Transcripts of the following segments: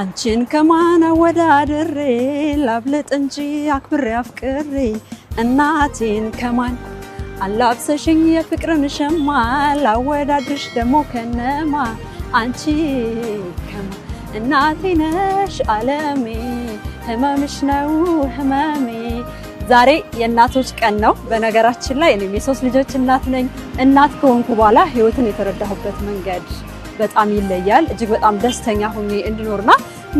አንቺን ከማን አወዳድሬ ላብልጥ እንጂ አክብሬ አፍቅሬ እናቴን ከማን አላብሰሽኝ የፍቅርን ሸማ ላወዳድርሽ ደግሞ ከነማ አንቺ ከማ እናቴ ነሽ አለሜ ህመምሽ ነው ህመሜ። ዛሬ የእናቶች ቀን ነው። በነገራችን ላይ እኔም የሶስት ልጆች እናት ነኝ። እናት ከሆንኩ በኋላ ህይወትን የተረዳሁበት መንገድ በጣም ይለያል። እጅግ በጣም ደስተኛ ሆኜ እንድኖርና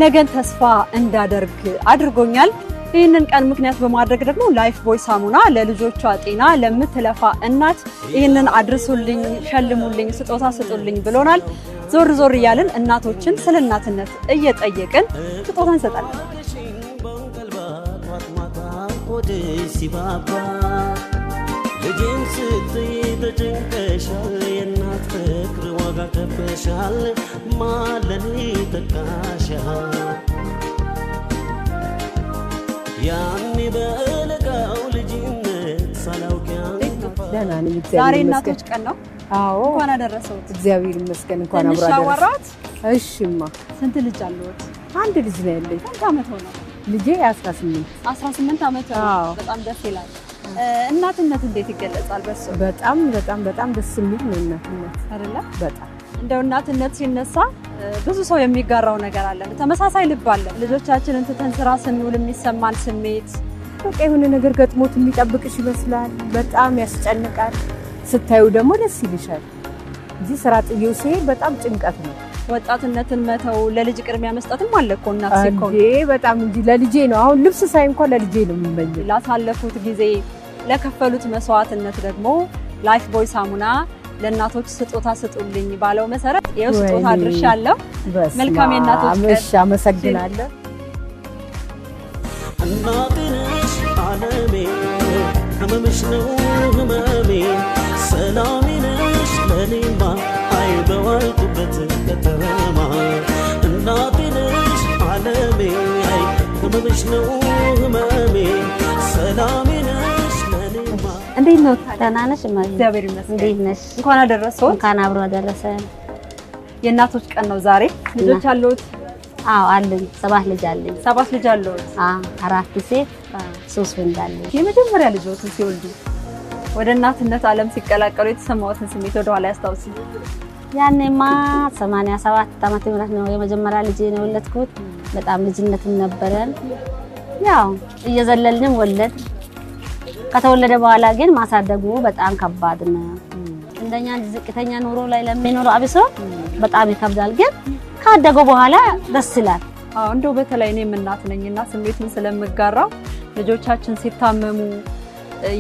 ነገን ተስፋ እንዳደርግ አድርጎኛል። ይህንን ቀን ምክንያት በማድረግ ደግሞ ላይፍ ቦይ ሳሙና ለልጆቿ ጤና ለምትለፋ እናት ይህንን አድርሱልኝ፣ ሸልሙልኝ፣ ስጦታ ስጡልኝ ብሎናል። ዞር ዞር እያልን እናቶችን ስለ እናትነት እየጠየቅን ስጦታ እንሰጣለን። ልጅም ስትይ በጭንቀሻ የእናት ፍቅር ዋጋ ከፍለሻል፣ ማለኔ ተካሻል። ያኔ በለጋው ልጅነት ሳላውቅያን ደህና ነኝ። ዛሬ እናቶች ቀን ነው። አዎ እንኳን አደረሰውት። እግዚአብሔር ይመስገን። እንኳን አብሮ አደረሰውት። እሺ ስንት ልጅ አለዎት? አንድ ልጅ ነው ያለኝ። ስንት ዓመት ሆነው? ልጄ 18 18 ዓመት። በጣም ደስ ይላል። እናትነት እንዴት ይገለጻል? በሱ በጣም በጣም በጣም ደስ የሚል ነው እናትነት አይደለ? በጣም እንደው እናትነት ሲነሳ ብዙ ሰው የሚጋራው ነገር አለ፣ ተመሳሳይ ልብ አለ። ልጆቻችንን ትተን ስራ ስንውል የሚሰማን ስሜት በቃ የሆነ ነገር ገጥሞት የሚጠብቅሽ ይመስላል። በጣም ያስጨንቃል። ስታዩ ደግሞ ደስ ይልሻል። እዚህ ስራ ጥዬው ሲሄድ በጣም ጭንቀት ነው። ወጣትነትን መተው ለልጅ ቅድሚያ መስጠትም አለ እኮ እናት ሲኮ በጣም እንጂ ለልጄ ነው። አሁን ልብስ ሳይ እንኳን ለልጄ ነው የሚመኘው ላሳለፉት ጊዜ ለከፈሉት መስዋዕትነት ደግሞ ላይፍ ቦይ ሳሙና ለእናቶች ስጦታ ስጡልኝ ባለው መሰረት ይኸው ስጦታ አለው። መልካም የእናቶች አመሰግናለሁ። አለሜ ህመምሽ ነው ህመሜ ከተማ አለሜ ህመምሽ ነው ህመሜ እንዴት ነው? ደህና ነሽ? እግዚአብሔር ይመስገን። እንዴት ነሽ? እንኳን እንኳን አብሮ አደረሰ። የእናቶች ቀን ነው ዛሬ። ልጆች አለዎት? አዎ አለኝ። ሰባት ልጅ አለኝ። ሰባት ልጅ አለሁት። አራት ሴት ሶስት ወንድ አለኝ። የመጀመሪያ ልጆትን ሲወልዱ ወደ እናትነት ዓለም ሲቀላቀሉ የተሰማዎትን ስሜት ወደኋላ ያስታውሱ። ያኔማ ሰማንያ ሰባት ዓመት ምህረት ነው የመጀመሪያ ልጅ ነው የወለድኩት። በጣም ልጅነትም ነበረን። ያው እየዘለልንም ወለድ ከተወለደ በኋላ ግን ማሳደጉ በጣም ከባድ ነው። እንደኛ ዝቅተኛ ኑሮ ላይ ለሚኖረው አብሶ በጣም ይከብዳል። ግን ካደገው በኋላ ደስ ይላል። እንደው በተለይ እኔም እናት ነኝና ስሜቱን ስለምጋራው ልጆቻችን ሲታመሙ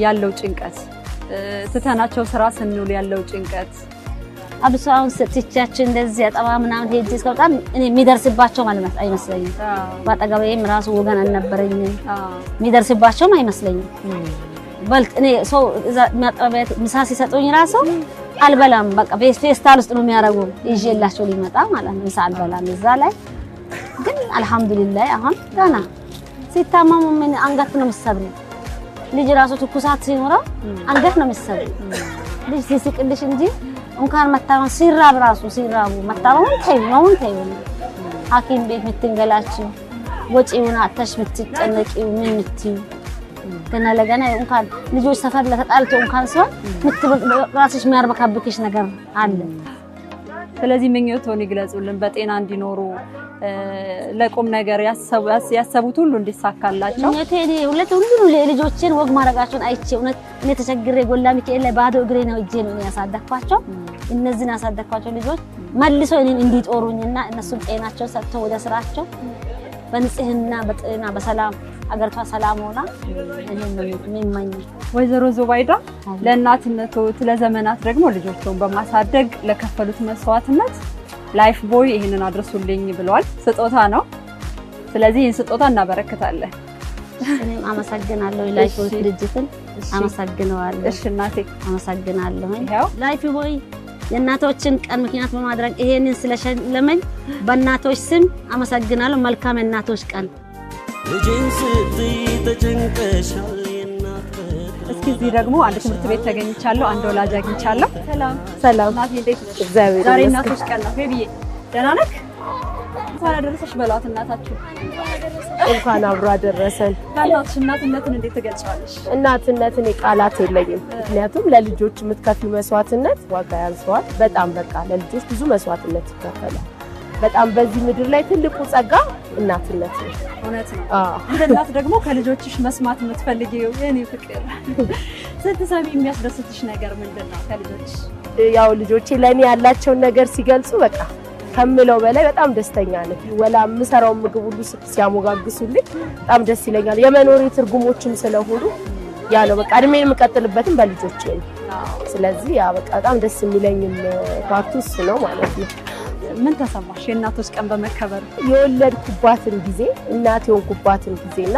ያለው ጭንቀት፣ ትተናቸው ስራ ስንውል ያለው ጭንቀት አብሶ አሁን ሴቶቻችን እንደዚህ አጠባ ምናምን ሄጄ እስከ በጣም እኔ የሚደርስባቸውም አይመስለኝም። በአጠገቤም ራሱ ወገን አልነበረኝም። የሚደርስባቸውም አይመስለኝም። በልጥ እኔ ሰው እዛ ማጥረቢያ ምሳ ሲሰጡኝ ራሱ አልበላም። በቃ ፌስታል ውስጥ ነው የሚያደርጉ ይዤላቸው ሊመጣ ማለት ነው። ምሳ አልበላም እዛ ላይ ግን አልሐምዱሊላህ አሁን ገና ሲታመሙ ምን አንገት ነው የምትሰብሪው። ልጅ ራሱ ትኩሳት ሲኖረው አንገት ነው የምትሰብሪው። ልጅ ሲስቅልሽ እንጂ እንኳን መታመም ሲራብ ራሱ ሲራቡ መታመሙን ተይው ነውን ተይው። ሐኪም ቤት የምትንገላችው ወጪውን አተሽ የምትጨነቂው ምን የምትይው ገና ለገና እንኳን ልጆች ሰፈር ለተጣልቶ እንኳን ሲሆን ራስሽ የሚያርበካብክሽ ነገር አለ። ስለዚህ ምኞቶን ይግለጹልን፣ በጤና እንዲኖሩ ለቁም ነገር ያሰቡት ሁሉ እንዲሳካላቸው። ሁለት ሁሉ ልጆችን ወግ ማድረጋቸውን አይቼ እውነት እኔ ተቸግሬ ጎላ ሚካኤል ላይ ባዶ እግሬ ነው እጄ ነው ያሳደግኳቸው። እነዚህን ያሳደግኳቸው ልጆች መልሶ እኔን እንዲጦሩኝና እነሱም ሰጥተው ወደ ስራቸው በንጽህና በጤና በሰላም አገርቷ ሰላም ሆና ይመኝ ወይዘሮ ዞባይዳ ለእናትነት ለዘመናት ደግሞ ልጆቸውን በማሳደግ ለከፈሉት መስዋዕትነት ላይፍ ቦይ ይህንን አድርሱልኝ ብለዋል። ስጦታ ነው። ስለዚህ ይህን ስጦታ እናበረክታለን። እኔም አመሰግናለሁ። ላይፍ ቦይ ድርጅትን አመሰግነዋለሁ። እሺ እናቴ አመሰግናለሁ። ላይፍ ቦይ የእናቶችን ቀን ምክንያት በማድረግ ይሄንን ስለሸለመኝ በእናቶች ስም አመሰግናለሁ። መልካም የእናቶች ቀን ልጅን እስኪ እዚህ ደግሞ አንድ ትምህርት ቤት ተገኝቻለሁ። አንድ ወላጅ አግኝቻለሁ። ሰላም ሰላም፣ እናት እንዴት ዛሬ እናቶች ቀን ነው። ቤቢዬ ደህና ነህ? እንኳን አደረሰሽ በሏት እናታችሁ። እንኳን አብሮ አደረሰን። እናትሽ እናትነትን እንዴት ትገልጫለሽ? እናትነትን ቃላት የለኝም። ምክንያቱም ለልጆች የምትከፍል መስዋዕትነት ዋጋ ያንሰዋል። በጣም በቃ ለልጆች ብዙ መስዋዕትነት ይከፈላል። በጣም በዚህ ምድር ላይ ትልቁ ጸጋ እናትነት ነው። እውነት ነው። እንደ እናት ደግሞ ከልጆችሽ መስማት የምትፈልጊው የኔ ፍቅር ስትሰሚ የሚያስደስትሽ ነገር ምንድን ነው? ከልጆች ያው ልጆቼ ለእኔ ያላቸውን ነገር ሲገልጹ በቃ ከምለው በላይ በጣም ደስተኛ ነኝ። ወላ የምሰራውን ምግብ ሁሉ ሲያሞጋግሱልኝ በጣም ደስ ይለኛል። የመኖሪ ትርጉሞችም ስለሆኑ ያ ነው በቃ እድሜን የምቀጥልበትም በልጆቼ ነው። ስለዚህ ያ በቃ በጣም ደስ የሚለኝም ፓርቱ እሱ ነው ማለት ነው። ምን ተሰማሽ? የእናቶች ቀን በመከበሩ የወለድኩባትን ጊዜ እናት የሆንኩባትን ጊዜና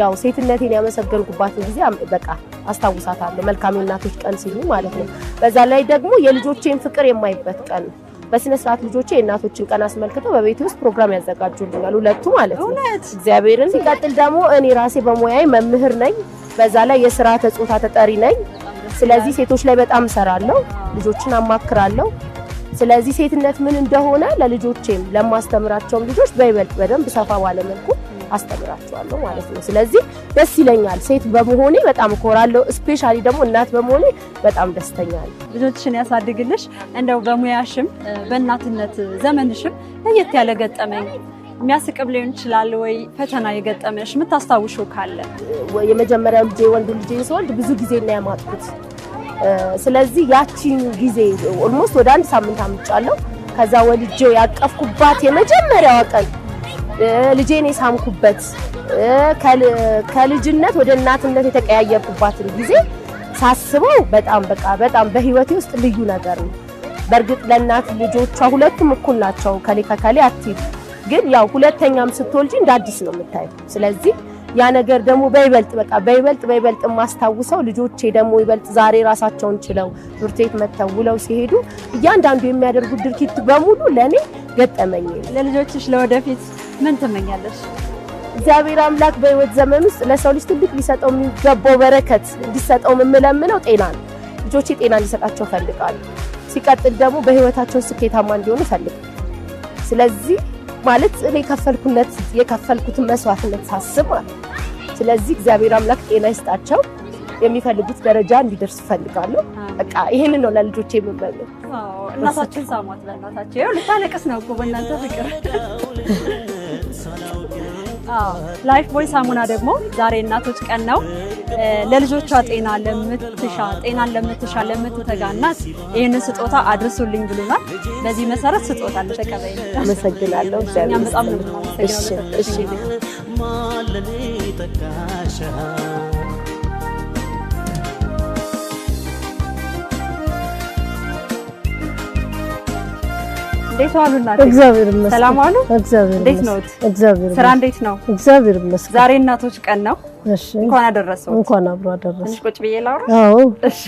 ያው ሴትነቴን ያመሰገንኩባትን ጊዜ በቃ አስታውሳታለሁ። መልካም የእናቶች ቀን ሲሉ ማለት ነው። በዛ ላይ ደግሞ የልጆቼን ፍቅር የማይበት ቀን በስነስርዓት በስነ ስርዓት ልጆቼ የእናቶችን ቀን አስመልክተው በቤት ውስጥ ፕሮግራም ያዘጋጁልኛል፣ ሁለቱ ማለት ነው። እግዚአብሔርን ሲቀጥል ደግሞ እኔ ራሴ በሙያዬ መምህር ነኝ። በዛ ላይ የስራ ጾታ ተጠሪ ነኝ። ስለዚህ ሴቶች ላይ በጣም እሰራለሁ፣ ልጆችን አማክራለሁ። ስለዚህ ሴትነት ምን እንደሆነ ለልጆቼም ለማስተምራቸውም ልጆች በይበልጥ በደንብ ሰፋ ባለመልኩ አስተምራቸዋለሁ ማለት ነው። ስለዚህ ደስ ይለኛል፣ ሴት በመሆኔ በጣም እኮራለሁ። ስፔሻሊ ደግሞ እናት በመሆኔ በጣም ደስተኛ ነኝ። ልጆችሽን ያሳድግልሽ። እንደው በሙያሽም በእናትነት ዘመንሽም ለየት ያለ ገጠመኝ የሚያስቅም ሊሆን ይችላል ወይ ፈተና የገጠመሽ የምታስታውሽው ካለ? የመጀመሪያው ልጄ ወንድ ልጄ ሲወልድ ብዙ ጊዜ እና ያማጥኩት ስለዚህ ያቺን ጊዜ ኦልሞስት ወደ አንድ ሳምንት አምጫለሁ። ከዛ ወልጄ ያቀፍኩባት የመጀመሪያዋ ቀን ልጄን የሳምኩበት ከልጅነት ወደ እናትነት የተቀያየርኩባትን ጊዜ ሳስበው በጣም በቃ በጣም በህይወቴ ውስጥ ልዩ ነገር ነው። በእርግጥ ለእናት ልጆቿ ሁለቱም እኩል ናቸው። ከሌ ከከሌ ግን ያው ሁለተኛም ስትወልጂ እንደ አዲስ ነው የምታየው። ስለዚህ ያ ነገር ደግሞ በይበልጥ በቃ በይበልጥ በይበልጥ የማስታውሰው ልጆቼ ደግሞ ይበልጥ ዛሬ ራሳቸውን ችለው ትምህርት ቤት መጥተው ውለው ሲሄዱ እያንዳንዱ የሚያደርጉት ድርጊት በሙሉ ለእኔ ገጠመኝ። ለልጆችሽ ለወደፊት ምን ትመኛለሽ? እግዚአብሔር አምላክ በህይወት ዘመን ውስጥ ለሰው ልጅ ትልቅ ሊሰጠው የሚገባው በረከት እንዲሰጠው የምለምነው ጤና ነው። ልጆቼ ጤና እንዲሰጣቸው ፈልጋለሁ። ሲቀጥል ደግሞ በህይወታቸው ስኬታማ እንዲሆኑ ፈልጋለሁ። ስለዚህ ማለት እኔ የከፈልኩነት የከፈልኩትን መስዋዕትነት ሳስብ ማለት ስለዚህ እግዚአብሔር አምላክ ጤና ይስጣቸው የሚፈልጉት ደረጃ እንዲደርስ እፈልጋለሁ። በቃ ይሄንን ነው ለልጆቼ የምመኘው። እናታችን ሳሟት፣ በእናታቸው ልታለቅስ ነው እኮ በእናንተ ፍቅር ላይፍ ቦይ ሳሙና ደግሞ ዛሬ እናቶች ቀን ነው። ለልጆቿ ጤና ለምትሻ ጤናን ለምትሻ ለምትተጋ እናት ይህንን ስጦታ አድርሱልኝ ብሉናል። በዚህ መሰረት ስጦታ ልተቀበይ አመሰግናለሁ። እኛም በጣም ነው እንዴት ዋሉ እናቴ? እግዚአብሔር ይመስገን። ሰላም ዋሉ? እግዚአብሔር ይመስገን። እግዚአብሔር ስራ እንዴት ነው? እግዚአብሔር ይመስገን። ዛሬ እናቶች ቀን ነው። እሺ፣ እንኳን አደረሰው። እንኳን አብሮ አደረሰው። ትንሽ ቁጭ ብዬ ላውራ? አዎ። እሺ።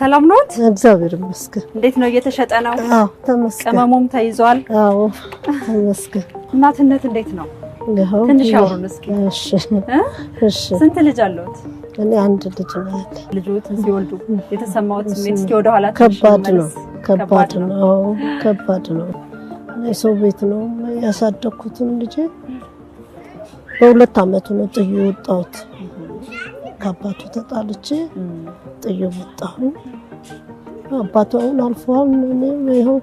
ሰላም ነዎት? እግዚአብሔር ይመስገን። እንዴት ነው እየተሸጠ ነው? አዎ፣ ተመስገን። ቅመሙም ተይዟል? አዎ፣ ተመስገን። እናትነት እንዴት ነው? ትንሽ አውሩን እስኪ። እሺ፣ እሺ። ስንት ልጅ አለዎት? እኔ አንድ ልጅ ነው ያለኝ። ልጆት ሲወልዱ የተሰማዎት ስሜት እስኪ ወደኋላ ከባድ ነው ከባድ ነው። ከባድ ነው። የሰው ቤት ነው ያሳደግኩትን ልጅ በሁለት አመቱ ነው ጥዩ ወጣሁት። ከአባቱ ተጣልቼ ጥዩ ወጣሁ። አባቱ አሁን አልፈዋል። ይኸው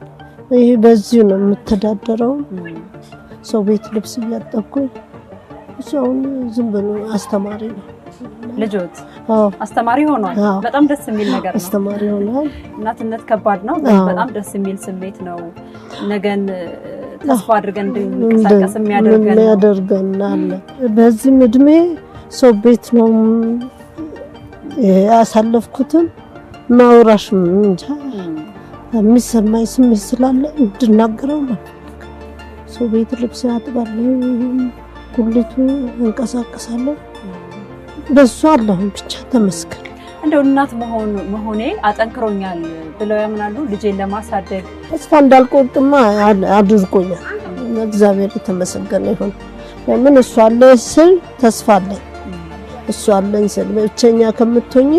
ይህ በዚሁ ነው የምተዳደረው። ሰው ቤት ልብስ እያጠብኩኝ እሱ አሁን ዝም ብሎ አስተማሪ ነው። ልጆት አስተማሪ ሆኗል። በጣም ደስ የሚል ነገር ነው። አስተማሪ ሆኗል። እናትነት ከባድ ነው። በጣም ደስ የሚል ስሜት ነው። ነገን ተስፋ አድርገን እንድንቀሳቀስ የሚያደርገን አለ። በዚህም እድሜ ሰው ቤት ነው ያሳለፍኩትም ማውራሽ እንጃ የሚሰማኝ ስሜት ስላለ እንድናገረው ነው። ሰው ቤት ልብስ አጥባለሁ፣ ጉልቱ እንቀሳቀሳለሁ። በሱ አላሁን ብቻ ተመስገን። እንደው እናት መሆኔ አጠንክሮኛል ብለው ያምናሉ። ልጄን ለማሳደግ ተስፋ እንዳልቆርጥማ አድርጎኛል። እግዚአብሔር የተመሰገነ ይሁን። ለምን እሱ አለ ስል ተስፋ አለኝ። እሱ አለኝ ስል ብቸኛ ከምትሆኝ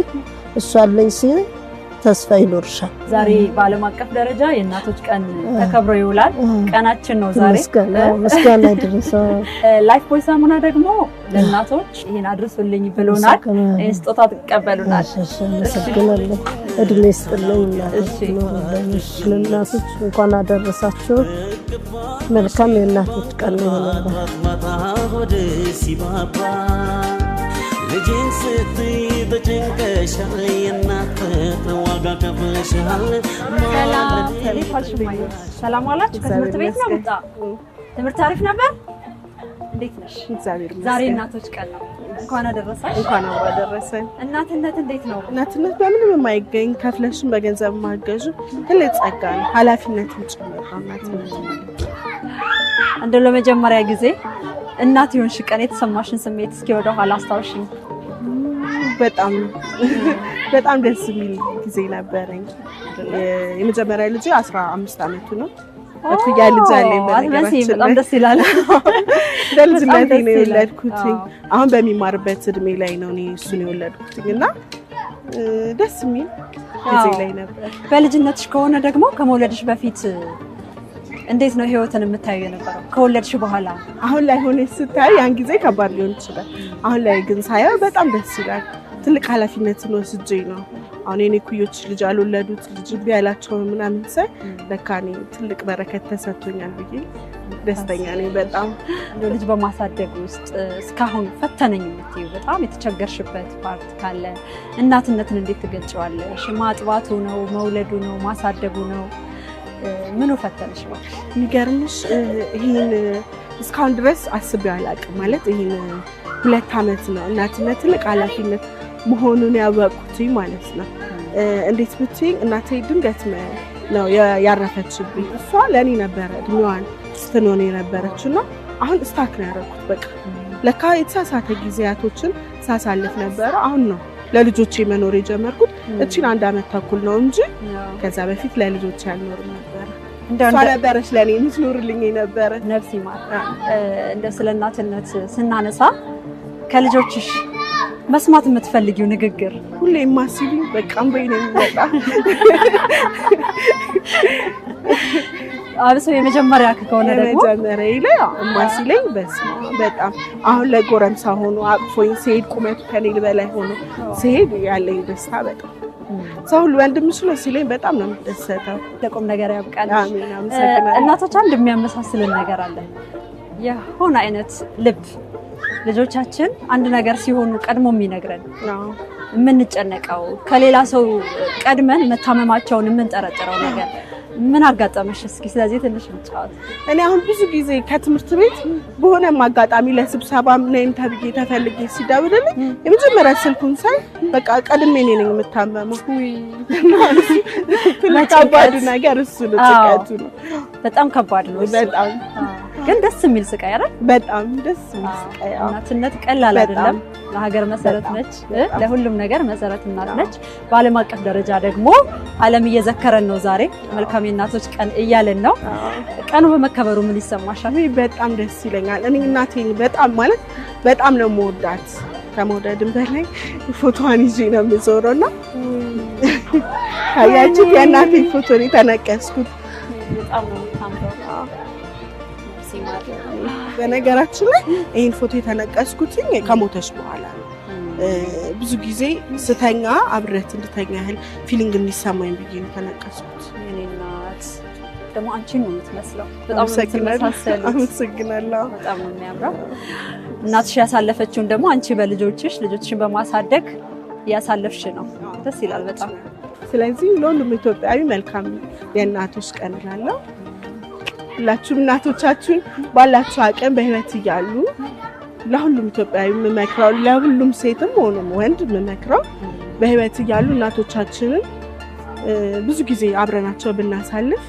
እሱ አለኝ ስል ተስፋ ይኖርሻል። ዛሬ በዓለም አቀፍ ደረጃ የእናቶች ቀን ተከብሮ ይውላል። ቀናችን ነው ዛሬ ምስጋና ድረስ። ላይፍ ቦይ ሳሙና ደግሞ ለእናቶች ይህን አድርሱልኝ ብሎናል። ስጦታ ትቀበሉናል። አመሰግናለሁ። እድሜ ስጥልኝ። ለእናቶች እንኳን አደረሳችሁ። መልካም የእናቶች ቀን ነው ይሆናል። ልጄን ስትይ በጭንቀሻል የእናት ዋጋ ከፍለሻል። ሰላም ዋላችሁ። ከትምህርት ቤት ነው ምጣ ትምህርት አሪፍ ነበር። እንዴት ነሽ? እግዚአብሔር ይመስገን። ዛሬ እናቶች ቀን ነው። እንኳን አደረሳሽ። እንኳን አብሮ አደረሰን። እናትነት እንዴት ነው? እናትነት በምንም የማይገኝ ከፍለሽም በገንዘብ ማገዙ ትልቅ ጸጋ ነው፣ ኃላፊነትም ጭምር እናትነት። እንደው ለመጀመሪያ ጊዜ እናት የሆንሽ ቀን የተሰማሽን ስሜት እስኪ ወደ ኋላ አስታውሽኝ። በጣም በጣም ደስ የሚል ጊዜ ነበረኝ። የመጀመሪያ ልጅ አስራ አምስት ዓመቱ ነው። እኩያ ልጅ አለኝ። በጣም ደስ ይላል። በልጅነቴ ነው የወለድኩት። አሁን በሚማርበት እድሜ ላይ ነው እኔ እሱን የወለድኩት እና ደስ የሚል ጊዜ ላይ ነበር። በልጅነትሽ ከሆነ ደግሞ ከመውለድሽ በፊት እንዴት ነው ህይወትን የምታዩ የነበረው ከወለድሽ በኋላ? አሁን ላይ ሆነ ስታዩ ያን ጊዜ ከባድ ሊሆን ይችላል። አሁን ላይ ግን ሳየው በጣም ደስ ይላል። ትልቅ ኃላፊነትን ወስጄ ነው አሁን የኔ ኩዮች ልጅ አልወለዱት ልጅ ቢ ያላቸው ምናምን ሰ ለካ እኔ ትልቅ በረከት ተሰጥቶኛል ብዬ ደስተኛ ነኝ። በጣም ልጅ በማሳደግ ውስጥ እስካሁን ፈተነኝ የምትይው በጣም የተቸገርሽበት ፓርት ካለ እናትነትን እንዴት ትገልጨዋለሽ? ማጥባቱ ነው? መውለዱ ነው? ማሳደጉ ነው? ምኑ ፈተነሽ እባክሽ? የሚገርምሽ ይህን እስካሁን ድረስ አስቤው አላውቅም። ማለት ይህን ሁለት ዓመት ነው እናትነት ትልቅ ኃላፊነት መሆኑን ያወቅኩትኝ ማለት ነው። እንዴት ብትይኝ እናቴ ድንገት ነው ያረፈችብኝ። እሷ ለእኔ ነበረ እድሜዋን ስትኖር የነበረችው እና አሁን እስታክ ነው ያደረኩት። በቃ ለካ የተሳሳተ ጊዜያቶችን ሳሳልፍ ነበረ። አሁን ነው ለልጆቼ መኖር የጀመርኩት። እችን አንድ አመት ተኩል ነው እንጂ ከዛ በፊት ለልጆቼ አልኖርም። እሷ ነበረች ለእኔ የምትኖርልኝ ነበረ። ነፍስ ይማር። እንደ ስለ እናትነት ስናነሳ ከልጆችሽ መስማት የምትፈልጊው ንግግር ሁሌ ማሲሉ በቃም በይ ነው የሚመጣ አብሶ የመጀመሪያ ከሆነ ደግሞ የመጀመሪያ ላይ ማሲለኝ በጣም አሁን ለጎረምሳ ሆኖ አቅፎኝ ሲሄድ ቁመቱ ከኔ በላይ ሆኖ ሲሄድ ያለኝ ደስታ በጣም ሰው ሁሉ ወንድምሽ ነው ሲለኝ በጣም ነው የምደሰተው። ለቁም ነገር ያብቃል። እናቶች አንድ የሚያመሳስልን ነገር አለ። የሆነ አይነት ልብ ልጆቻችን አንድ ነገር ሲሆኑ ቀድሞ የሚነግረን የምንጨነቀው ከሌላ ሰው ቀድመን መታመማቸውን የምንጠረጥረው ነገር ምን አጋጠመሽ? እስኪ ስለዚህ ትንሽ እንጫወት። እኔ አሁን ብዙ ጊዜ ከትምህርት ቤት በሆነም አጋጣሚ ለስብሰባም ነይም ተብዬ ተፈልጌ ሲደውልልኝ የመጀመሪያ ስልኩን ሳይ በቃ ቀድሜ እኔ ነኝ የምታመመው። ትልቅ ከባዱ ነገር እሱ ነው። ጭቀቱ ነው። በጣም ከባድ ነው በጣም ግን ደስ የሚል ስቃይ አይደል? በጣም ደስ የሚል ስቃይ። እናትነት ቀላል አይደለም። ለሀገር መሰረት ነች፣ ለሁሉም ነገር መሰረት እናት ነች። በዓለም አቀፍ ደረጃ ደግሞ ዓለም እየዘከረን ነው። ዛሬ መልካም የእናቶች ቀን እያለን ነው። ቀኑ በመከበሩ ምን ይሰማሻል? በጣም ደስ ይለኛል። እኔ እናቴ በጣም ማለት በጣም ነው መወዳት ከመውደድም በላይ ፎቶዋን ይዤ ነው የምዞረው እና አያችሁ የእናቴ ፎቶ ነው የተነቀስኩት። በነገራችን ላይ ይህን ፎቶ የተነቀስኩትኝ ከሞተች በኋላ ነው። ብዙ ጊዜ ስተኛ አብረት እንድተኛ ያህል ፊሊንግ እንዲሰማኝ ብዬ ነው የተነቀስኩት። ደግሞ አንቺን ነው የምትመስለው። በጣም አመሰግናለሁ። በጣም የሚያምረው። እናትሽ ያሳለፈችውን ደግሞ አንቺ በልጆችሽ ልጆችሽን በማሳደግ እያሳለፍሽ ነው። ደስ ይላል በጣም። ስለዚህ ለሁሉም ኢትዮጵያዊ መልካም የእናቶች ቀን እላለሁ። ሁላችሁም እናቶቻችሁን ባላችሁ አቅም በህይወት እያሉ ለሁሉም ኢትዮጵያዊ የምመክረው ለሁሉም ሴትም ሆነ ወንድ የምመክረው በህይወት እያሉ እናቶቻችንን ብዙ ጊዜ አብረናቸው ብናሳልፍ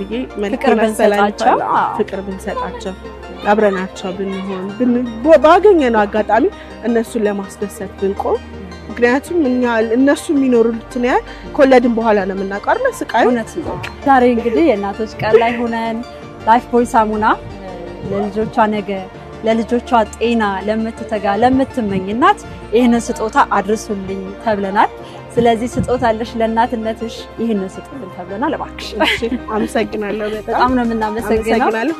ብዬ መልክር ብንሰጣቸው ፍቅር ብንሰጣቸው አብረናቸው ብንሆን ባገኘነው አጋጣሚ እነሱን ለማስደሰት ብንቆም ምክንያቱም እኛ እነሱ የሚኖሩትን ያህል ከወለድን በኋላ ነው የምናውቀው ስቃዩ። እውነት ነው። ዛሬ እንግዲህ የእናቶች ቀን ላይ ሆነን ላይፍ ቦይ ሳሙና ለልጆቿ ነገ ለልጆቿ ጤና ለምትተጋ ለምትመኝ እናት ይህንን ስጦታ አድርሱልኝ ተብለናል። ስለዚህ ስጦታለሽ ለእናትነትሽ፣ ይህንን ስጥልን ተብለናል። እባክሽ አመሰግናለሁ። በጣም ነው የምናመሰግናለሁ።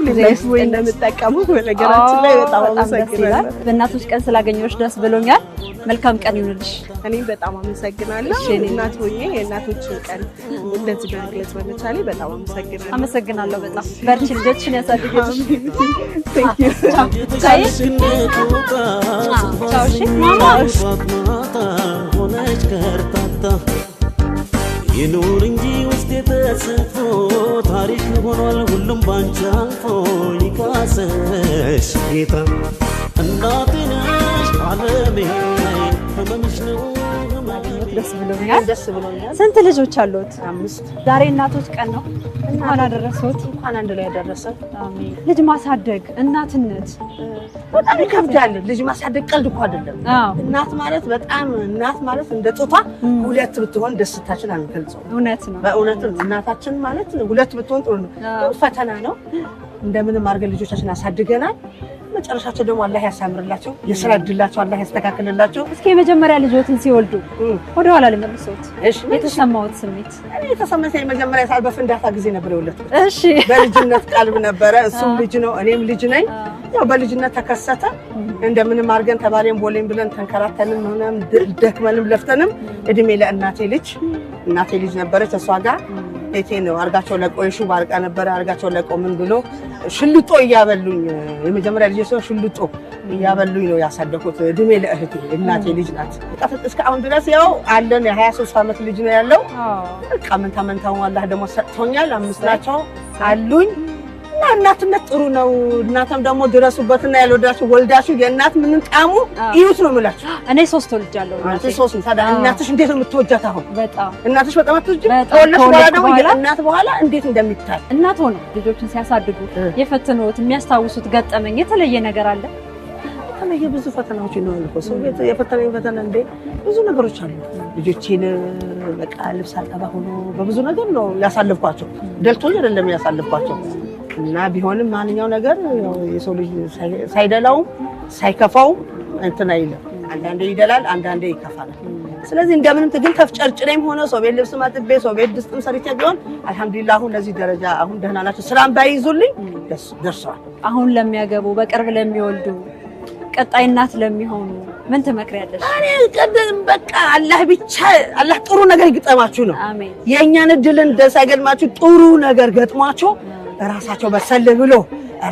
እንደምጠቀሙ ነገራችን ላይ በጣም አመሰግናለሁ። በእናቶች ቀን ስላገኘሁሽ ደስ ብሎኛል። መልካም ቀን ይሁንልሽ። እኔም በጣም አመሰግናለሁ። እናት ሆኜ የእናቶችን ቀን እንደዚህ በመግለጽ በመቻሌ በጣም አመሰግናለሁ። አመሰግናለሁ። በጣም በርቺ፣ ልጆችን ያሳድግልሽ። ሆነች ከርታ ተቃጣ ይኑር እንጂ ውስጤ ተሰፎ ታሪክ ሆኗል ሁሉም ባንቺ አልፎ ይካሰሽ ጌታ እናቴ ነሽ ህመምሽ ነው ደስ ብሎኛል። ደስ ብሎኛል። ስንት ልጆች አሉት? አምስት። ዛሬ እናቶች ቀን ነው። እንኳን አደረሰዎት። እንኳን አንድ ላይ ያደረሰ ልጅ ማሳደግ እናትነት በጣም ይከብዳል። ልጅ ማሳደግ ቀልድ እኮ አይደለም። እናት ማለት በጣም እናት ማለት እንደ ጡቷ ሁለት ብትሆን ደስታችን አንገልጸው። እውነት ነው፣ በእውነት እናታችን ማለት ሁለት ብትሆን ጥሩ ነው። ፈተና ነው። እንደምንም አድርገን ልጆቻችን አሳድገናል። መጨረሻቸው ደግሞ አላህ ያሳምርላቸው፣ የስራ እድላቸው አላህ ያስተካክልላቸው። እስኪ የመጀመሪያ ልጆትን ሲወልዱ ወደኋላ ልመልሶት የተሰማሁት ስሜት የመጀመሪያ ሰዓት በፍንዳታ ጊዜ ነበር የወለድኩት። እሺ በልጅነት ቀልብ ነበረ። እሱም ልጅ ነው፣ እኔም ልጅ ነኝ። ያው በልጅነት ተከሰተ። እንደምንም አድርገን ተባሌም ቦሌን ብለን ተንከራተንም ሆነም ደክመንም ለፍተንም እድሜ ለእናቴ ልጅ እናቴ ልጅ ነበረች እሷ ጋር ቤቴ ነው አርጋቸው ለቆ የሹም ባርቃ ነበረ። አርጋቸው ለቆ ምን ብሎ ሽልጦ እያበሉኝ የመጀመሪያ ልጅ ሰው ሽልጦ እያበሉኝ ነው ያሳደኩት። እድሜ ለእህቴ እናቴ ልጅ ናት። እስከ አሁን ድረስ ያው አለን። የሀያ ሶስት ዓመት ልጅ ነው ያለው። በቃ መንታ መንታውን አላህ ደግሞ ሰጥቶኛል። አምስት ናቸው አሉኝ እና እናትነት ጥሩ ነው። እናትም ደግሞ ድረሱበትና ያልወዳችሁ ወልዳችሁ የእናት ምንም ጣሙ እዩት ነው የምላችሁ። እኔ ሶስት ወልጃለሁ። እናትሽ እንዴት ነው የምትወጃት? አሁን እናትሽ በጣም አትወጂም። ከወለድሽ በኋላ ደግሞ እናት በኋላ እንዴት እንደሚታይ እናት ሆነ ልጆችን ሲያሳድጉ የፈተኑት የሚያስታውሱት ገጠመኝ የተለየ ነገር አለ? የተለየ ብዙ ፈተናዎች ይኖራሉ። ሰው ቤት የፈተነኝ ፈተና እንዴ ብዙ ነገሮች አሉ። ልጆቼን በቃ ልብስ አልጠባ ሆኖ በብዙ ነገር ነው ያሳልፍኳቸው። ደልቶኝ አይደለም ያሳልፍኳቸው እና ቢሆንም ማንኛው ነገር የሰው ልጅ ሳይደላው ሳይከፋው እንትን አይልም። አንዳንዴ ይደላል፣ አንዳንዴ ይከፋል። ስለዚህ እንደምንም ትግል ተፍጨርጭሬም ሆነ ሰው ቤት ልብስ ማጥቤ ሰው ቤት ድስጥም ሰርቼ ቢሆን አልሐምዱሊላህ አሁን ለዚህ ደረጃ አሁን ደህና ናቸው። ስራም ባይይዙልኝ ደርሰዋል። አሁን ለሚያገቡ በቅርብ ለሚወልዱ ቀጣይ እናት ለሚሆኑ ምን ትመክሪያለሽ? እኔ ቀደም በቃ አላህ ብቻ አላህ ጥሩ ነገር ይግጠማችሁ ነው። የእኛን እድልን ደስ አይገልማችሁ፣ ጥሩ ነገር ገጥሟችሁ ራሳቸው በሰል ብሎ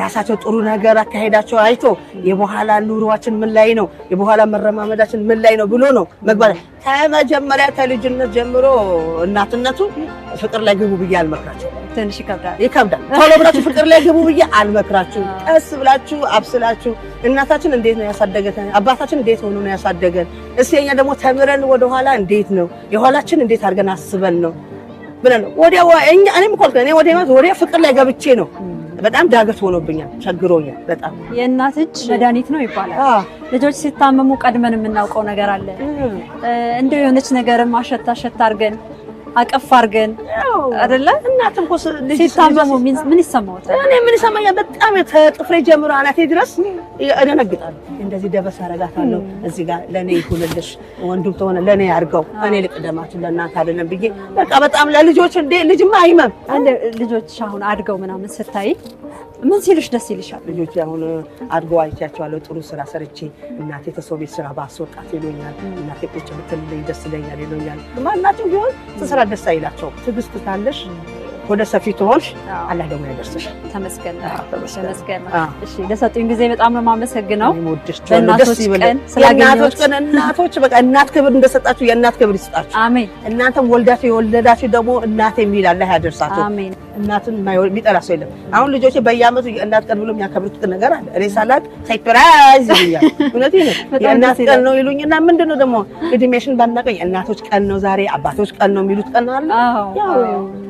ራሳቸው ጥሩ ነገር አካሄዳቸው አይቶ የበኋላ ኑሯችን ምን ላይ ነው፣ የበኋላ መረማመዳችን ምን ላይ ነው ብሎ ነው መግባት። ከመጀመሪያ ከልጅነት ጀምሮ እናትነቱ ፍቅር ላይ ግቡ ብዬ አልመክራችሁ። ትንሽ ይከብዳል፣ ይከብዳል። ቶሎ ብላችሁ ፍቅር ላይ ግቡ ብዬ አልመክራችሁ። ቀስ ብላችሁ አብስላችሁ። እናታችን እንዴት ነው ያሳደገን? አባታችን እንዴት ሆኖ ነው ያሳደገን? እስኛ ደግሞ ተምረን ወደኋላ እንዴት ነው የኋላችን እንዴት አድርገን አስበን ነው ብለን ወዲያ እኛ እኔም እኮ እኔ ወዲያ ወዲያ ፍቅር ላይ ገብቼ ነው። በጣም ዳገት ሆኖብኛል፣ ቸግሮኛል። በጣም የእናት እጅ መድኃኒት ነው ይባላል። ልጆች ሲታመሙ ቀድመን የምናውቀው ነገር አለ። እንደው የሆነች ነገርም አሸታ አሸታ አድርገን አቀፍ አድርገን አይደለ? እናት እንኳን ሲታመሙ ምን ይሰማዎታል? እኔ ምን ይሰማኛል? በጣም ተጥፍሬ ጀምሮ አናቴ ድረስ እደነግጣለሁ። እንደዚህ ደበስ አደርጋታለሁ። እዚህ ጋር ለኔ ይሁንልሽ፣ ወንዱም ተሆነ ለኔ ያድርገው፣ እኔ ልቅደማችሁ፣ ለእናት አይደለም ብዬ በቃ በጣም ለልጆች እንደ ልጅማ አይመም ልጆች አሁን አድገው ምናምን ስታይ ምን ሲልሽ ደስ ይልሻል? ልጆች አሁን አድገው አይቻቸዋለሁ። ጥሩ ስራ ሰርቼ እናቴ ተሰው ቤት ስራ ባስወጣት ይሎኛል። እናቴ ቁጭ ብትልልኝ ደስ ይለኛል ይሎኛል። ማናቸው ቢሆን ስራ ደስ አይላቸው። ትዕግስት ካለሽ ወደ ሰፊ ትሆንሽ አላህ ደግሞ ያደርስሽ። ተመስገን ተመስገን። እሺ ለሰጡኝ ጊዜ በጣም ነው የማመሰግነው። በእናቶች ቀን እናቶች በቃ እናት ክብር እንደሰጣችሁ የእናት ክብር ይስጣችሁ። አሜን። እናንተም ወልዳችሁ የወለዳችሁ ደግሞ እናት የሚል አላህ ያደርሳችሁ። አሜን። እናትን የሚጠላ ሰው የለም። አሁን ልጆቼ በየአመቱ የእናት ቀን ብሎ የሚያከብሩት ነገር አለ። እኔ ሳላቅ ሳይፕራይዝ ይሉኛል። እውነቴን ነው። የእናት ቀን ነው ይሉኝና ምንድን ነው ደግሞ እድሜሽን ባናቀኝ እናቶች ቀን ነው ዛሬ፣ አባቶች ቀን ነው የሚሉት ቀን አለ። ያው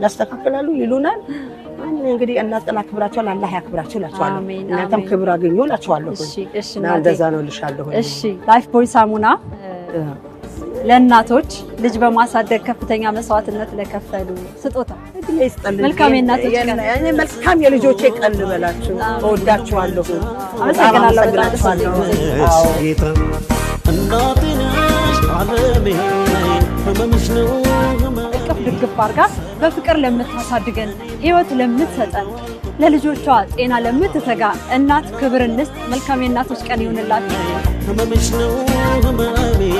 ያስተካክላሉ ይሉናል። እንግዲህ እናት ቀን አክብራቸዋል። አላህ ያክብራችሁ እላችኋለሁ። እናንተም ክብር አገኙ እላችኋለሁ። እና እንደዛ ነው እልሻለሁ። እሺ ላይፍ ቦይ ሳሙና ለእናቶች ልጅ በማሳደግ ከፍተኛ መስዋዕትነት ለከፈሉ ስጦታ መልካም የእናቶች መልካም የልጆቼ ቀን ልበላችሁ። እወዳችኋለሁ። አመሰግናለሁ። ጌታ እናቴ እቅፍ ድግፍ አድርጋ በፍቅር ለምታሳድገን ህይወት ለምትሰጠን ለልጆቿ ጤና ለምትተጋ እናት ክብር እንስት። መልካም የእናቶች ቀን ይሁንላችሁ። ህመምሽ ነው ህመሜ